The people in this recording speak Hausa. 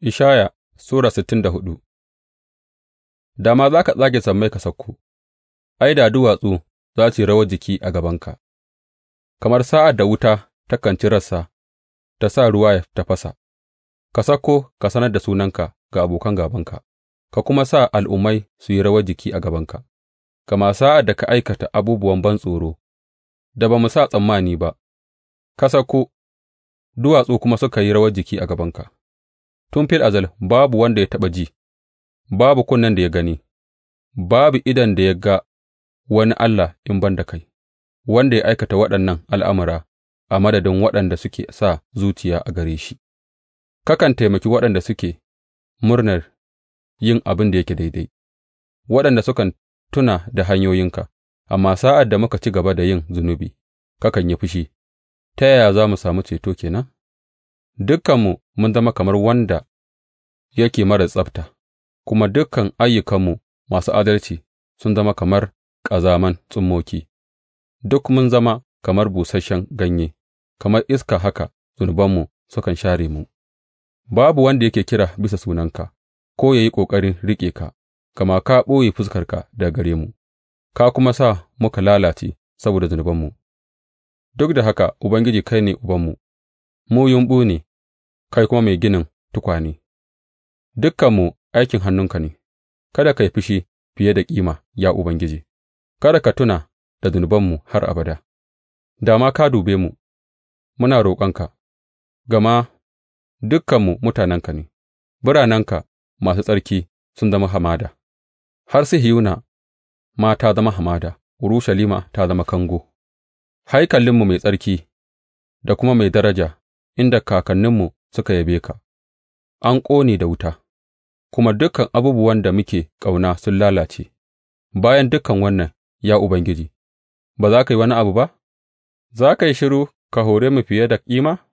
Ishaya Sura sittin da hudu Da ma za ka tsage sammai ka sauko, ai, da duwatsu za su yi rawar jiki a gabanka, kamar sa'ad da wuta takan ci rassa ta sa ruwa ya tafasa, ka sauko ka sanar da sunanka ga abokan gabanka ka kuma sa al'ummai su yi rawar jiki a gabanka, gama sa'ad da ka aikata abubuwan ban tsoro, da ba mu sa tsammani ba, ka sauko, duwatsu kuma suka yi rawar jiki a gabanka. Tun fil azal babu wanda ya taɓa ji, babu kunnen da ya gani, babu idon da ya ga wani Allah in ban da kai, wanda ya aikata waɗannan al'amura a madadin waɗanda suke sa zuciya a gare shi, kakan taimaki waɗanda suke murnar yin abin da yake daidai, waɗanda sukan tuna da hanyoyinka, amma sa'ad da muka ci gaba da yin zunubi, kakan yi fushi, ta yaya za mu samu ceto kenan? dukanmu mun zama kamar wanda yake marar tsabta, kuma dukan ayyukanmu masu adalci sun zama kamar ƙazaman tsummoki, duk mun zama kamar busasshen ganye, kamar iska haka zunubanmu sukan share mu, babu wanda yake kira bisa sunanka, ko ya yi ƙoƙarin riƙe ka, gama ka ɓoye fuskarka daga gare mu, ka kuma sa muka lalace saboda zunubanmu. Duk da haka, Ubangiji kai ne Ubanmu, mu yumɓu ne, kai kuma mai ginin tukwane, dukanmu aikin hannunka ne; kada ka yi fushi fiye da kima, ya Ubangiji, kada ka tuna da zunubanmu har abada, da ma ka dube mu, muna roƙonka, gama dukanmu mutanenka ne, biranenka masu tsarki sun zama hamada, har Sihiyona ma ta zama hamada, Urushalima ta zama kango, haikalinmu mai tsarki da kuma mai daraja, inda kakanninmu suka yabe ka, an ƙone da wuta, kuma dukan abubuwan da muke ƙauna sun lalace, bayan dukan wannan, ya Ubangiji, ba za ka yi wani abu ba? Za ka yi shiru ka hore mu fiye da kima?